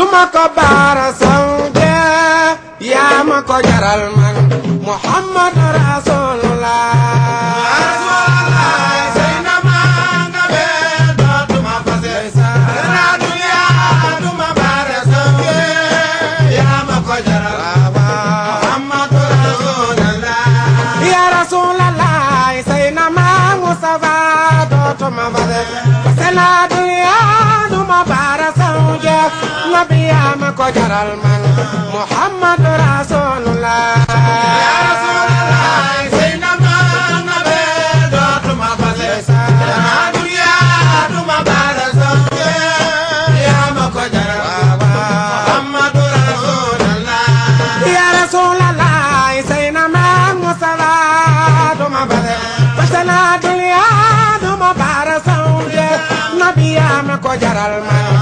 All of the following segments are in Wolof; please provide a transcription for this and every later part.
duma ko baara saw de yaa ma ko jaral man Muhammad Rasul ko jaral man Muhammad Rasulullah ya Rasulullah Seydina Maam be dootuma fase sama dunya duma baraso yaa ma ko jaral Muhammad Rasulullah ya Rasulullah Seydina Maam Mustafa duma fase fasana dunya duma baraso nabi yaa ma ko jaral man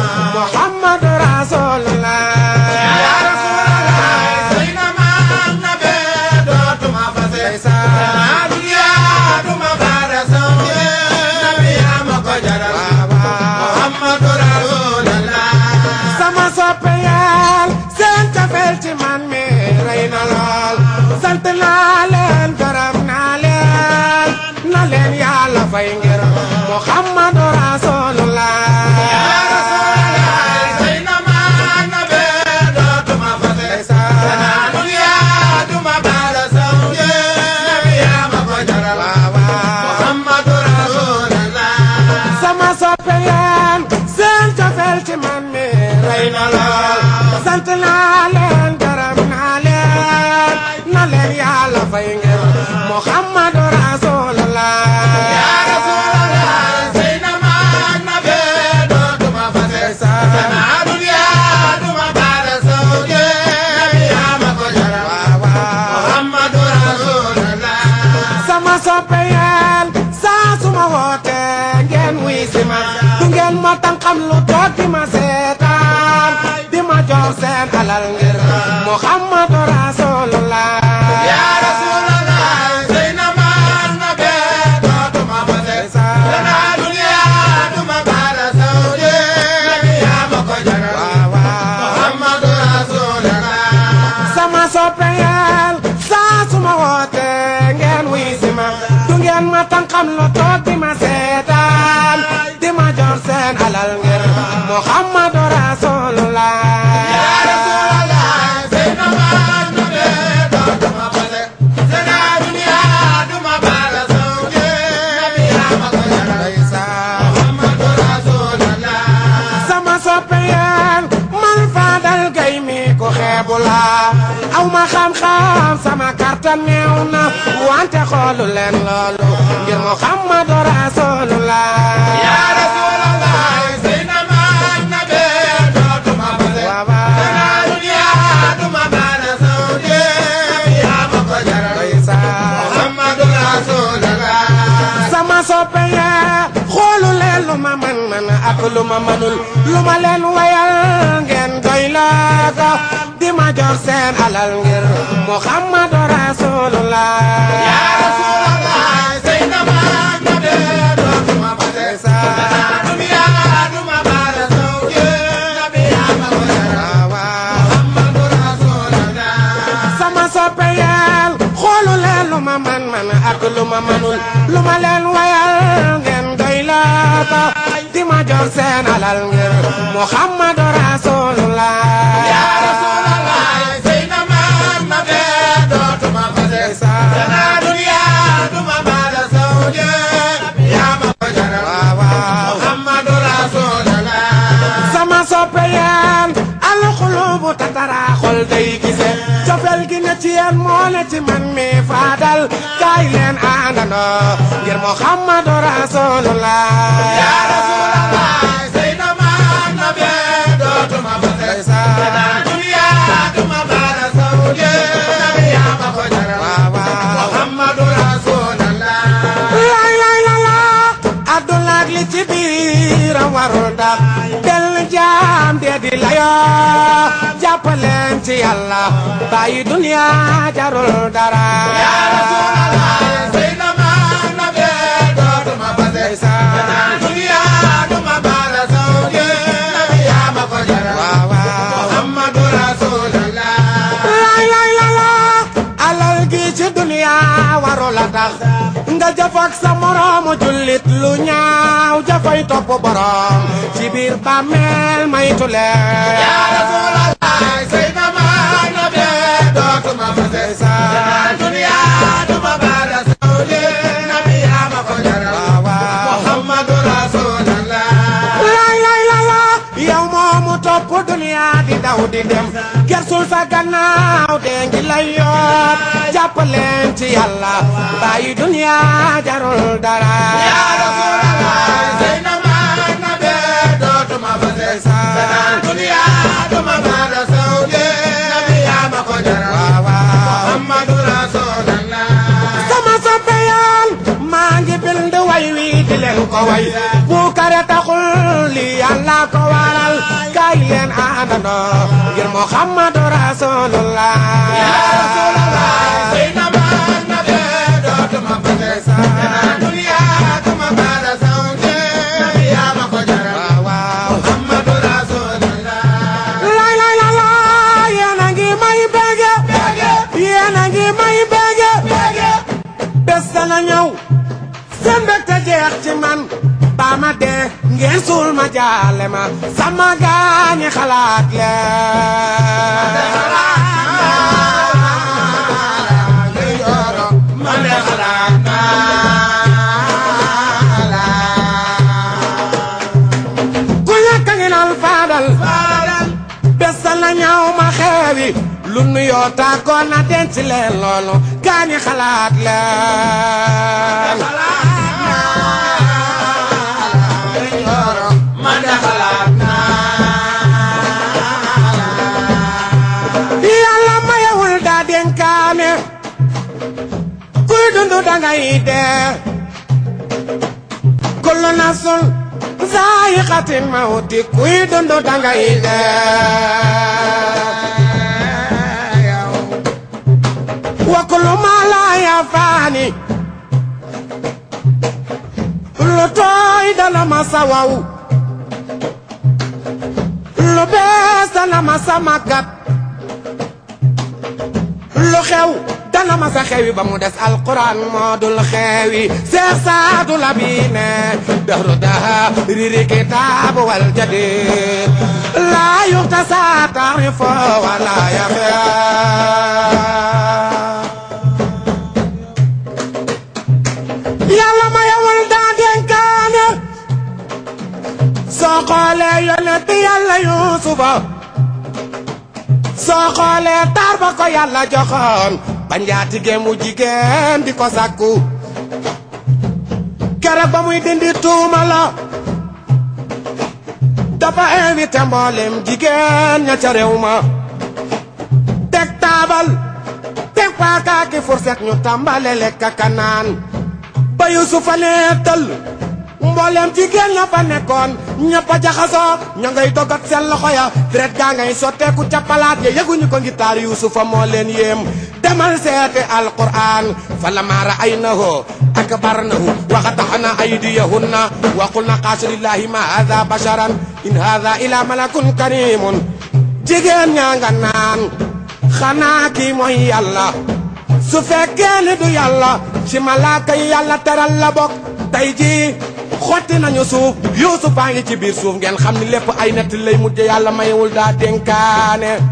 fay ngir Muhammad xam lu toog di ma seetaan di ma jox seen alal ngir Muhammadu Rasulullah I'm lost. xam-xam sama kàttan néew na wante xoolu leen loolu ngir Muhammadu Rasulullah yaa Rasulullah Seydina man na bee dootuma bale dana duniya duma baana sawde yaa ma ko jaral Muhammadu Rasulullah sama soppe yaa xoolu leen lu ma man man ak lu ma manul lu ma leen wayal ngeen doy laa ko ma jox seen alal ngir Muhammadu Rasulullah ya Rasulullah sayna ma nabedo ma batesa dunia duma baraso ke nabi amarawa Muhammadu Rasulullah sama sopeyal xoolu leen lu ma man man ak lu ma manul lu ma leen wayal ngeen doylata di ma jox seen alal ngir Muhammadu Rasulullah mu tataraa xol day gise cofel gi ne ci yéen moo ne ci man mi faadal kaay leen àndandoo ngir Muhammadu Rasulullah ya Rasulullah jàppaleen ci yàlla bàyyi duniya jarul dara ya rasulallah sey na ma nabe dootuma fase danaa duniya duma baala sawje nabi yaa ma ko jaral waaw waaw muhammadu rasulallah lay lay lala alal gi ci duniya warula tax nga jafak sa moroomu jullit lu ñaaw jafay topp borom ci biir bàmmeel maytu leen yaa rasulallah say na ma nabee dootuma fase sa gaaw di dem kersul sa maa ngi bind way wi di leen ko way bu taxul li yàlla ko waral kaay leen àndandoo ngir Muhammadu Rasulullah ngeen suul ma jaale ma sama gaañi xalaat leen lu nu yoo tàggoo na denc leen loolu gaañi xalaat la ngay dee kullu nafsin zaa'iqatul mawti kuy dund dangay dee wa kullu maa laa yafaani lu tooy dana ma sawaw lu bees dana ma sa màggat lu xew ma sa xewi ba mu des alquran moo dul la bi sa tarifo wala yaxe yàlla banjaatige mu jigéen di ko sàkku ba muy dindi tuuma la dafa invité jigéen ña ca réew ma teg taabal teg paakaaki furset ñu tàmbale lekk ka naan ba Yusufa leetal mbooleem jigéen la fa nekkoon ñëpp a jaxasoo ña ngay dogat seen loxo ya deret gaa ngay sotteeku ca palaat ya yëguñu ko ngi taar yuusufa moo leen yéem demal seete alquran fa lama raaynahu akbarnahu wa qata'na aydiyahunna wa qulna qaasa lillahi ma hadha basharan in hadha ila malakun karimun jigéen ñaa nga naan xanaa kii mooy su fekkee ni du yàlla ci malaaka yi teral la bokk tey jii xotti nañu suuf yuusufaa ngi ci biir suuf ngeen xam ni lépp ay nett lay mujj yàlla mayewul daa dénkaane